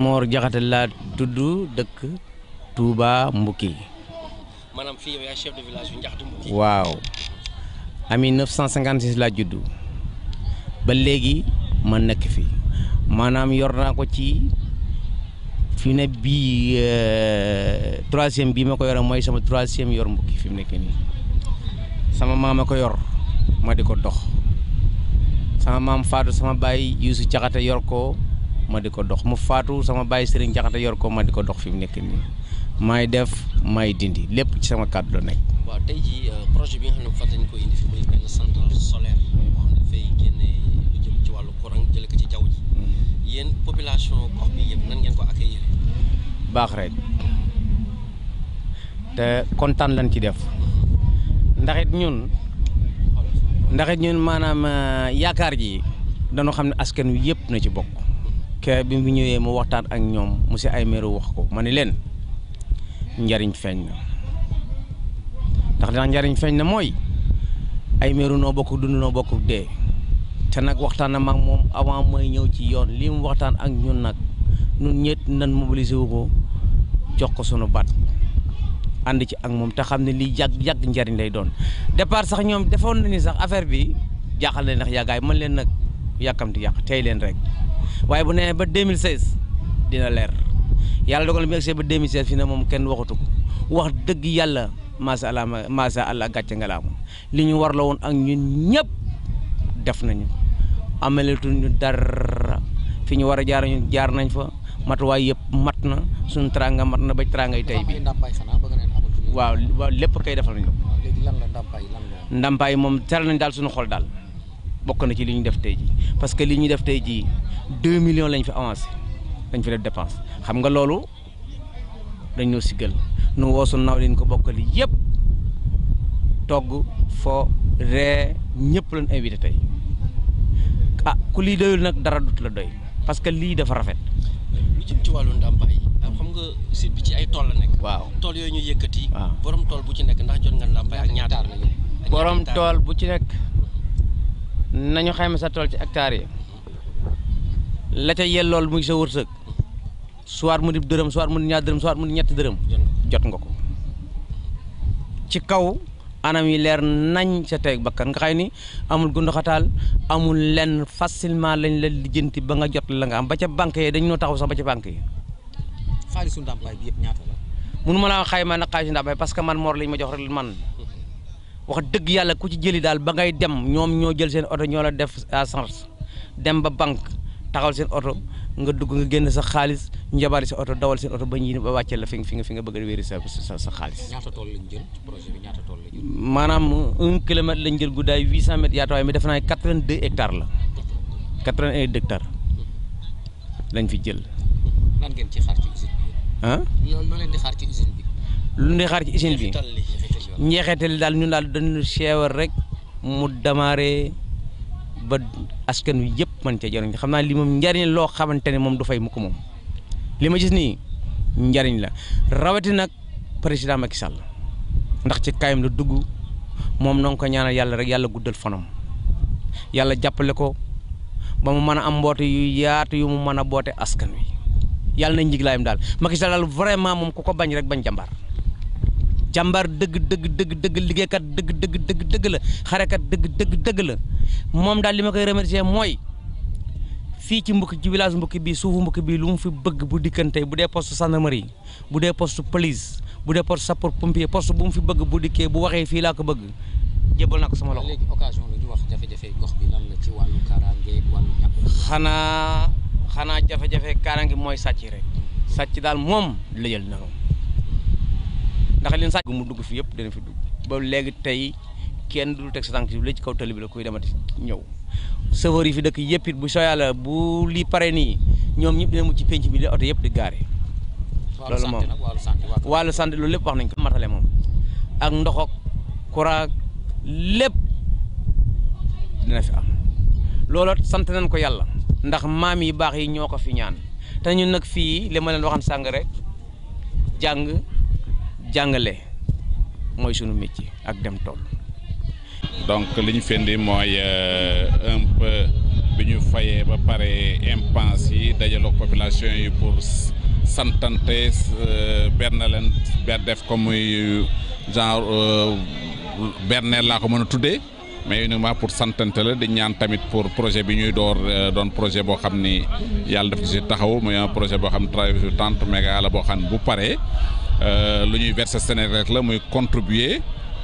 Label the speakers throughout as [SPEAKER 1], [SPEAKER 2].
[SPEAKER 1] Moor Jaxate laa tudd dëkk Touba Mbouki. maanaam village bi Jaxate Mbouki. waaw ami 956 laa judd ba léegi ma nekk fi maanaam yor naa ko ci fi ne bii euh, troisième bii ma ko yore mooy sama troisième yor Mbouki fi mu nekk nii sama maam a ko yor ma di ko dox sama maam Faatu sama baay Yuusu yor ko. ma di ko dox mu faatu sama bàyyi sëriñ jaxate yor ko ma di ko dox fi mu nekk nii may def may dindi lépp ci sama kàddu la waa waaw tey jii euh, projet bi nga xam ne fàttali ñu ko indi fi muy benn centrale solaire boo xam ne dafay génne lu jëm ci wàllu courant jële ko ci jaww ji mm-hmm. yéen population gox bi ngeen ko accueillir. baax kontaan lañ ci def ndax it ñun. maanaam euh, yaakaar ji dañoo xam ne askan wi yëpp na ci bokk. kër bi mu ñëwee mu waxtaan ak ñoom ay Aymeré wax ko ma ne leen njariñ feeñ na ndax dina njariñ feeñ na mooy Aymeré noo bokk dund noo bokk dee te nag waxtaan na mag moom avant mooy ñëw ci yoon lii mu waxtaan ak ñun nag ñun ñett nan mobiliser wu ko jox ko sunu baat ànd ci ak moom te xam ne lii yàgg yàgg njariñ lay doon départ sax ñoom defoon na ni sax affaire bi jaaxal leen ndax yàggaay man leen nag yàkkamti yàq tey leen rek waaye bu nee ba 2016 dina leer yàlla dogal mi egsee ba 2016 fi ne moom kenn waxatu ko wax dëgg yàlla maasa allah maasa allah gàcce nga laa moom li ñu war la woon ak ñun ñëpp def nañu amalatuñu dara fi ñu war a jaar ñu jaar nañ fa matuwaay yëpp mat na suñu teraanga mat na ba teraangay tey bi waaw waaw lépp kay defal nañ ko ndàmpaay moom teel nañ daal suñu xol daal bokk na ci li ñu def tey ji parce que li ñu def tey jii deux millions lañ fi avancé dañ fi def dépense xam nga loolu dañ ñoo siggal nu woosu naw leen ko bokkali yëpp togg foo ree ñëpp lañ invité tey ah ku lii nag dara dut la doy parce que lii dafa rafet. lu ci wàllu ndàmpaay ah, xam nga site bi ci ay tool la nekk. waaw tool yooyu ñu yëkkati. waaw borom tool bu ci nekk ndax jot nga ndàmpaay ak ñaataar borom tool bu ci nekk nañu xayma sa tool ci hectare yi. la ca yellool muy sa wërsëg soit mu di dërëm soit mu di ñaar dërëm soit mu di ñetti dërëm jot nga ko ci kaw anam yi leer nañ sa tey bakkan nga xëy ni amul gundoxataal amul lenn facilement lañ la lijjanti ba nga jot la nga am ba ca banque yi dañ noo taxaw sax ba ca banque yi. xaalisu ndàmpaay bi yëpp ñaata la. mënu ma laa xaymaa nag xaalisu ndàmpaay parce que man moor lañ ma jox rek man wax dëgg yàlla ku ci jëli daal ba ngay dem ñoom ñoo jël seen oto ñoo la def à dem ba banque. taxawal seen oto nga dugg nga génn sa xaalis ñu sa oto dawal seen oto ba ñii ba wàcce la fi nga fi nga bëgg a wéeri sa sa xaalis. ñaata tool lañ jël ci projet bi ñaata tool lañ jël. maanaam un kilomètre lañ jël guddaay 800 mètres yaatuwaay mi defe naa ne 82 hectares la 81 lañ fi jël. lan ngeen ci xaar ci usine bi. ah loolu leen di xaar ci usine bi. lu ñuy xaar ci usine bi njeexital li daal ñun daal dañu seewal rek mu démarré. ba askan wi yëpp mën cee jëriñ xam naa li moom njariñ loo xamante ne moom du fay mukk moom li ma gis nii njariñ la rawati président Macky Sall ndax ci kaayam la dugg moom na ko ñaanal yàlla rek yàlla guddal fanam yàlla jàppale ko ba mu mën a am mboote yu yaatu yu mu mën a boote askan wi yàlla na njiglaayam daal Macky Sall daal vraiment moom ko ko bañ rek bañ jàmbaar jàmbaar dëgg dëgg dëgg liggéey liggéeykat dëgg dëgg dëgg dëgg la xarekat dëgg dëgg dëgg la moom daal li ma koy remercier mooy fii ci mbukki ci village mbukki bii suufu mbukki bii lu mu fi bëgg bu dikkante bu dee post poste gendarmerie bu dee post police bu dee poste sapeur pompier poste bu mu fi bëgg bu dikkee bu waxee fii laa ko bëgg jébbal naa ko sama loxo. léegi wax jafe-jafe bi lan la ci wàllu kaaraange wàllu xanaa xanaa jafe-jafe kaaraange mooy sàcc rek sàcc daal moom la jël na ndax leen sàcc mu dugg fi yëpp dana fi dugg ba léegi tey kenn du teg sa tànk si la ci kaw tali bi la koy demati ñëw chauffeur yi fi dëkk yëpp it bu soo yàlla bu li pare nii ñoom ñëpp dina mu ci penc bi di oto yëpp di gaare loolu moom wàllu santé loolu lépp wax nañ ko matale moom ak ndox ak courant lépp dina looloo sant nañ ko yàlla ndax maam yi baax yi ñoo ko fi ñaan te ñun nag fii li ma leen waxan sàng rek jàng jàngale mooy sunu métier ak dem tool.
[SPEAKER 2] donc li ñu fendi mooy euh, un bi ñu fayee ba pare impense yi dajale population yi pour santante euh, benn leen ber def ko muy genre euh, berneel laa ko mën a tuddee. mais uniquement pour santante la di ñaan tamit pour projet bi ñuy door euh, doon projet boo xam ni yàlla def ko si taxaw muy un projet boo xam ne travail sur trente méga la boo xam ne bu paree euh, lu ñuy verser Sénégal la muy contribuer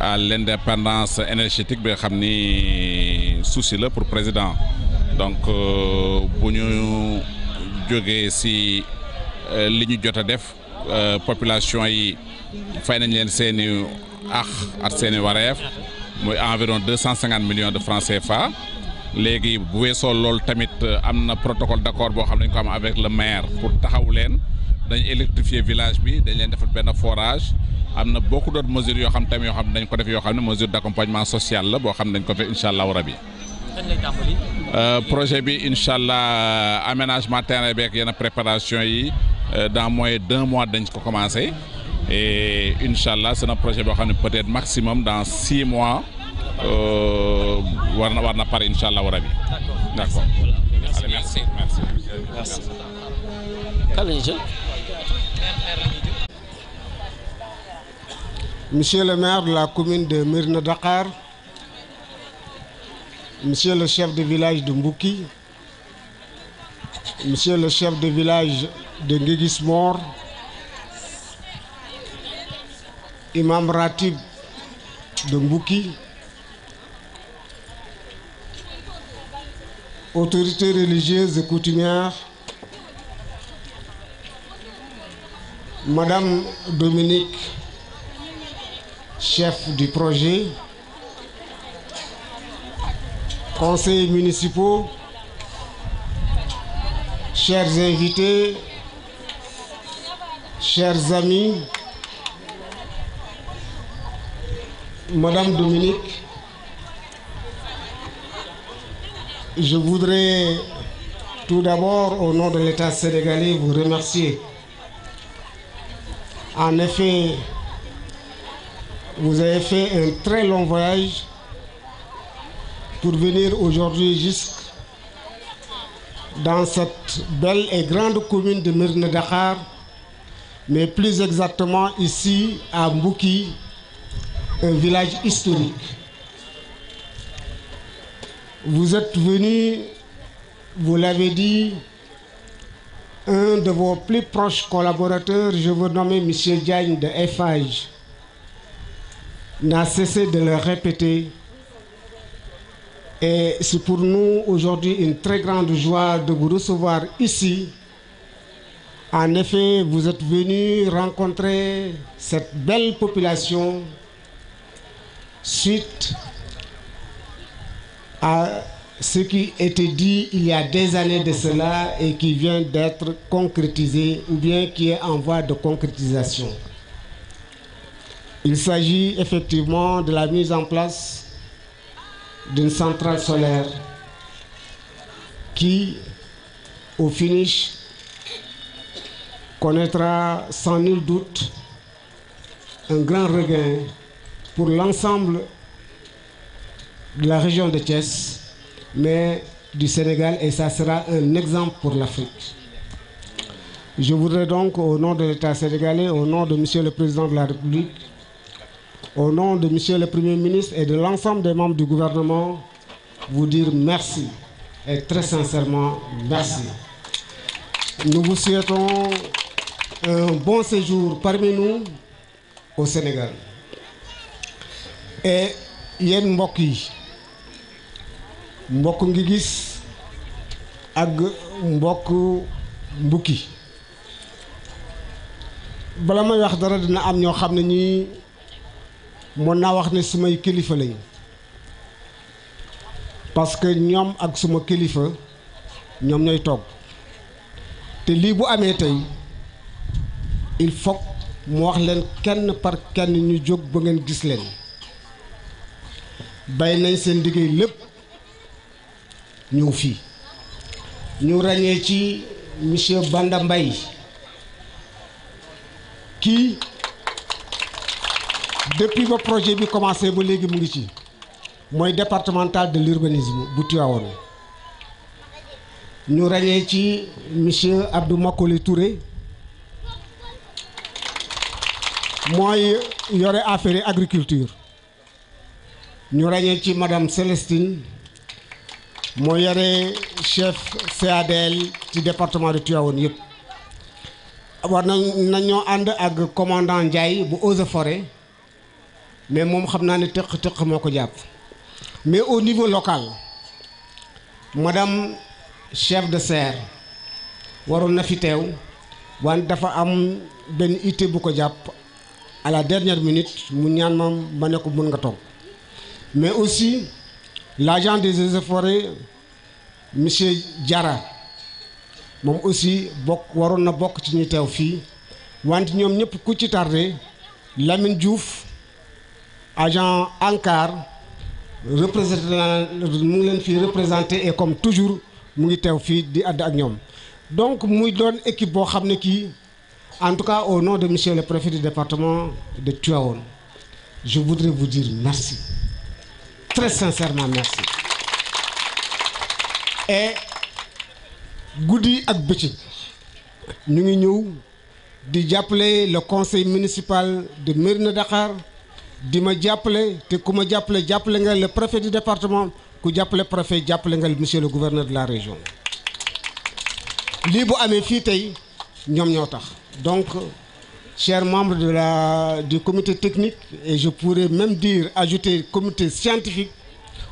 [SPEAKER 2] à l'indépendance énergétique bi nga xam ni souci la pour président donc euh, bu ñu jógee si li ñu jot a def population yi fay nañ leen seeni ax ak seeni wareef mooy environ deux cent cinquante millions de francs CFA léegi bu weesoo lool tamit euh, am na protocole d'accord boo xam ne ko am avec le maire pour taxaw leen dañ électrifier village bi dañ leen defal benn forage am na beaucoup d'autres mesures yoo xam tamit yoo xam ne dañ ko def yoo xam ne mesure d'accompagnement social la boo xam ne dañ ko def incha allahu rabi. Euh, projet bi incha allah euh, aménagement terrain beeg yenn préparation yi dans moins deux mois dañ ko commencé. et incha allah c'est projet boo xam ne peut-être maximum dans six mois euh, war na pare incha allah rabi.
[SPEAKER 3] Monsieur le maire de la commune de Mérina Dakhar, Monsieur le chef de village de Mbouki, Monsieur le chef de village de Nguéguismor, imam ratib de Mboki autorités religieuses et coutumières Madame Dominique chef du projet conseillers municipaux chers invités chers amis Madame Dominique, je voudrais tout d'abord, au nom de l'État sénégalais, vous remercier. En effet, vous avez fait un très long voyage pour venir aujourd'hui jusqu'à dans cette belle et grande commune de Mérina Dakhar, mais plus exactement ici à Mbouki, village historique. Vous êtes venu, vous l'avez dit, un de vos plus proches collaborateurs, je veux nommer Monsieur Diagne de FH, n'a cessé de le répéter. Et c'est pour nous aujourd'hui une très grande joie de vous recevoir ici. En effet, vous êtes venu rencontrer cette belle population suite à ce qui était dit il y a des années de cela et qui vient d'être concrétisé ou bien qui est en voie de concrétisation. Il s'agit effectivement de la mise en place d'une centrale solaire qui, au finish, connaîtra sans nul doute un grand regain pour l'ensemble de la région de Thiès, mais du Sénégal, et ça sera un exemple pour l'Afrique. Je voudrais donc, au nom de l'État sénégalais, au nom de Monsieur le Président de la République, au nom de Monsieur le Premier ministre et de l'ensemble des membres du gouvernement, vous dire merci, et très sincèrement, merci. Nous vous souhaitons un bon séjour parmi nous au Sénégal. E yéen mbokk yi mbokk ngi gis ak mbokk mbukki bala may wax dara dina am ñoo xam ne ñii mën naa wax ne sumay kilifa lañu parce que ñoom ak suma kilifa ñoom ñooy toog te lii bu amee tey il faut mu wax leen kenn par kenn ñu jóg ba ngeen gis leen bay nañ seen liggéey lépp ñëw fii ñu rañee ci monsieur Banda mbay kii depuis ba projet bi commencé ba léegi mu ngi ci mooy départemental de l'urbanisme bu Tivaouane ñu ràññee ci monsieur Abdou Makole Touré mooy yore affaire agriculture ñu ràññee ci madame Célestine moo yore chef CADL ci département de Tivaouane yëpp war na nañoo ànd ak commandant Ndiaye bu Eaux et Forêts mais moom xam naa ni tëq-tëq moo ko jàpp mais au niveau local madame chef de serre waroon na fi teew wante dafa am benn idée bu ko jàpp à la dernière minute mu ñaan ma ma ne ko mën nga toog mais aussi l'agent des eaux et forêts monsieur Diarra moom aussi bokk waroon na bokk ci ñu teew fii wante ñoom ñëpp ku ci tardé Lamine Diouf agent ANCAR représentant mu ngi leen fii représenté et comme toujours mu ngi teew fii di àdd ak ñoom donc muy doon équipe boo xam ne kii en tout cas au nom de monsieur le préfet du département de Tivaouane je voudrais vous dire merci très sincèrement merci et guddi ak bëccëg ñu ngi ñëw di jàppale le conseil municipal de Mérina Dakhar di ma jàppale te ku ma jàppale jàppale nga le préfet du département ku jàppale préfet jàppale nga monsieur le gouverneur de la région lii bu amee fii tey ñoom ñoo tax donc chers membre de la, du comité technique, et je pourrais même dire ajouter comité scientifique,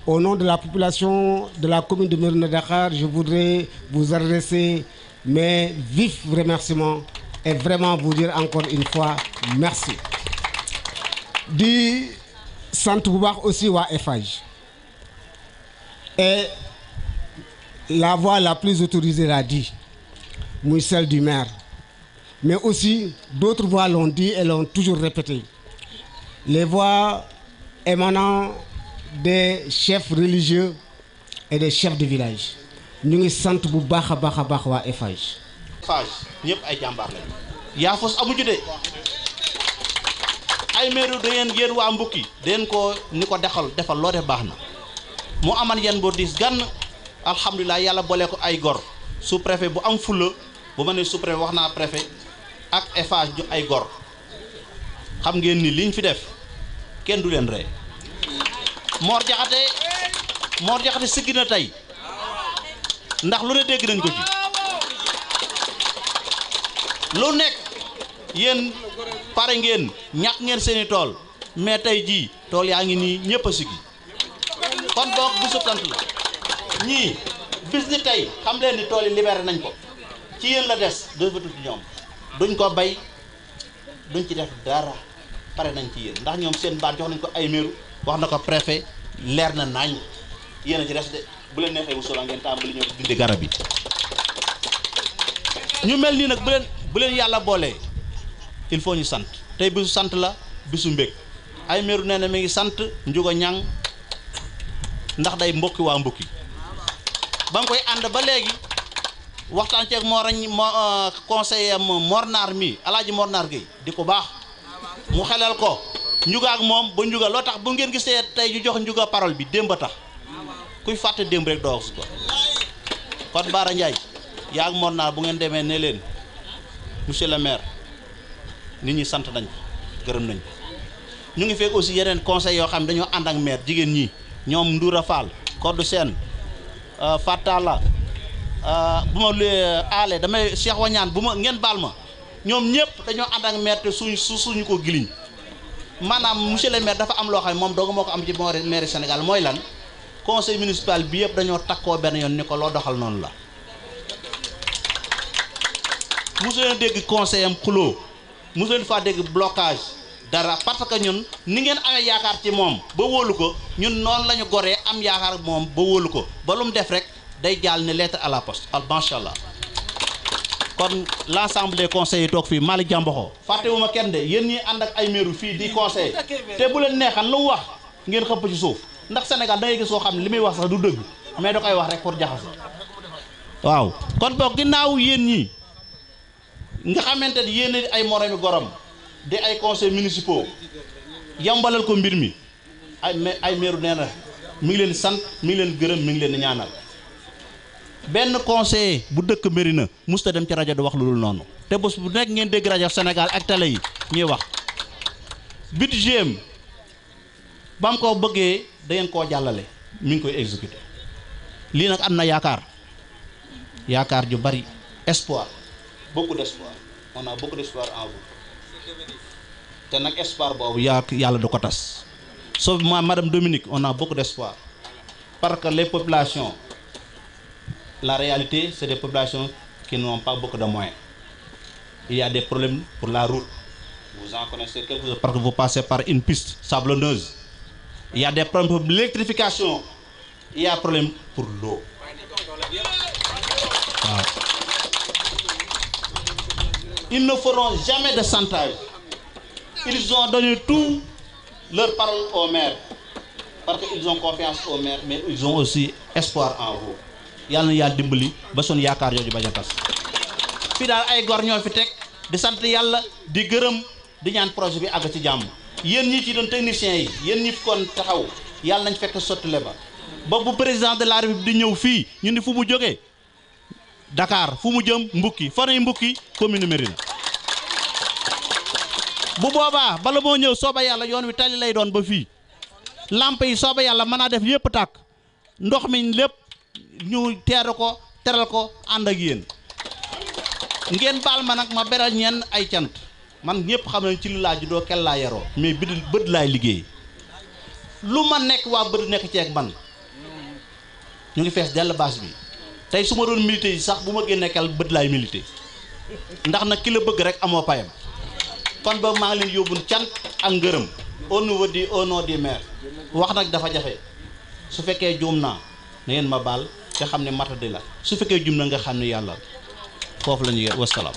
[SPEAKER 3] au nom de la population de la commune de Mérina Dakar, je voudrais vous adresser mes vifs remerciements et vraiment vous dire encore une fois merci. di sant bu baax aussi waa Eiffage et la voix la plus autorisée l'a dit muy celle du maire. Mais aussi, d'autres voix di dit toujours répété. Les voix émanant de chefs religieux et des chef de village. ñu ngi sant bu baax a baax a baax waa Eiffage.
[SPEAKER 4] Eiffage ñëpp ay jàmbaar lañu. yaa fos amu de ay meeru da ngeen yéen waa mbukki deen ko ni ko dexal defal loo def baax na mu aman yan boo diis gann alhamdulilah yàlla boole ko ay gor sous préfet bu am fulla bu ma nee sous préfet wax naa préfet ak Eiffage ju ay gor xam ngeen ni liñ fi def kenn du leen ree Mor Jaxate Mor Jaxate siggi na tey ndax lu ne dégg nañ ko ci lu nekk yéen pare ngeen ñàkk ngeen seeni tool mais tey jii tool yaa ngi nii ñëpp a siggi kon boog bu suptant la ñii bis ni tey xam leen ni tool yi libéré nañ ko ci yéen la des dootul ci ñoom duñ ko bay duñ ci def dara pare nañ ci yéen ndax ñoom seen baat jox nañ ko ay meeru wax na ko préfet leer na nañ yéen a ci des de bu leen neexee bu solo ngeen tàmbali ñëw dindi garab yi ñu mel nii nag buleen leen yàlla boolee il faut ñu sant tey bisu sant la bisu mbég ay meeru nee na mi ngi sant njugo ñang ndax day mbokki waa mbokki ba nga koy ànd ba léegi waxtaan ceeg moo rañ moo euh, conseiller am Mornar mi alaaji Mornar gi di ko baax mu xelal ko njuga moom bu njugal loo tax bu ngeen gisee tey ñu jox njuga parole bi démb a tax kuy fàtte démb rek doo ko kon Bara Ndiaye yaa ak Mornar bu ngeen demee ne leen monsieur le maire nit ñi sant nañ ko gërëm nañ ñu ngi fekk aussi yeneen conseil yoo xam ne dañoo ànd ak maire jigéen ñi ñoom Ndoura Fall Codou Sène euh, Fatala Euh, bu ma euh, aale damay Cheikh Wañaan bu ma ngeen baal ma ñoom ñëpp dañoo ànd ak maire su suñu ko giliñ maanaam monsieur le maire dafa am loo xam ne moom dong moo ko am ci maire Sénégal mooy lan conseil municipal bi yëpp dañoo takkoo benn yoon ni ko loo doxal noonu la mosu dégg conseil am xuloo mosu leen faa dégg blocage dara parce que ñun ni ngeen amee yaakaar ci moom ba wóolu ko ñun noonu la ñu goree am yaakaar moom ba wóolu ko ba lu mu def rek day jàll ne lettre à la poste al ah, macha allah kon l' ensemble des conseils yi toog fii Malick Diamboxo fàttewuma kenn de yéen ñi ànd ak ay meeru fii di conseil te bu leen neexal lu mu wax ngeen xëpp ci suuf ndax Sénégal da ngay gis koo xam li muy wax sax du dëgg mais da koy wax rek pour jaxase waaw kon boog ginnaaw yéen ñi nga xamante ni yéen ay moromi gorom di ay conseils minisipo yambalal ko mbir mi ay ay meeru nee na mi ngi leen sant mi ngi leen gërëm mi ngi leen ñaanal. benn conseiller bu dëkk Mérina musta dem ci rajo di wax lu dul noonu te bés bu nekk ngeen dégg rajo senegal ak télé yi ñuy wax budget ba mu ko bëggee da koo jàllale mi ngi koy exécuté lii nag am na yaakaar yaakaar ju bari espoir beaucoup d'espoir on a beaucoup d'espoir en vous te nag espoir boobu yaa yàlla du ko tas sauf ma madame Dominique on a beaucoup d'espoir parce que les populations la réalité, c'est des populations qui n'ont pas beaucoup de moyens. Il y a des problèmes pour la route. Vous en connaissez quelques-uns parce que vous passez par une piste sablonneuse. Il y a des problèmes pour l'eau. Ils ne feront jamais de santage. Ils ont donné tout leur parole au maire. Parce qu'ils ont confiance au maire, mais ils ont aussi espoir en vous. yàlla na yàlla dimbali ba sun yaakaar yooyu bañ a tas fii daal ay gor ñoo fi teg di sant yàlla di gërëm di ñaan projet bi àgg ci jàmm yéen ñi ci doon technicien yi yéen ñi fi kon taxaw yàlla nañ fekk sottile ba ba bu président de la république di ñëw fii ñu ni fu mu jógee dakaar fu mu jëm mbukki fanay mbukki commune Mérina bu boobaa bala moo ñëw sooba yàlla yoon wi tali lay doon ba fii lamp yi sooba yàlla mën naa def yëpp tàkk ndox mi lépp ñu teeru ko teral ko ànd ak yéen ngeen baal ma nag ma beral ñenn ay cant man ñëpp xam nañ ci lu laa doo kel laa yaroo mais bid bët laay liggéey lu ma nekk waa bët nekk ceeg man ñu ngi fees dell baas bi tey su ma doon milité yi sax bu ma génnee kel bët laay milité ndax na ki la bëgg rek amoo payam kon boobu maa ngi leen yóbbul cant ak ngërëm au niveau du au nom wax nag dafa jafe su fekkee juum naa na ngeen ma baal te xam ne matadi la su fekkee jum na nga xam ne yàlla foofu la ñu wasalaam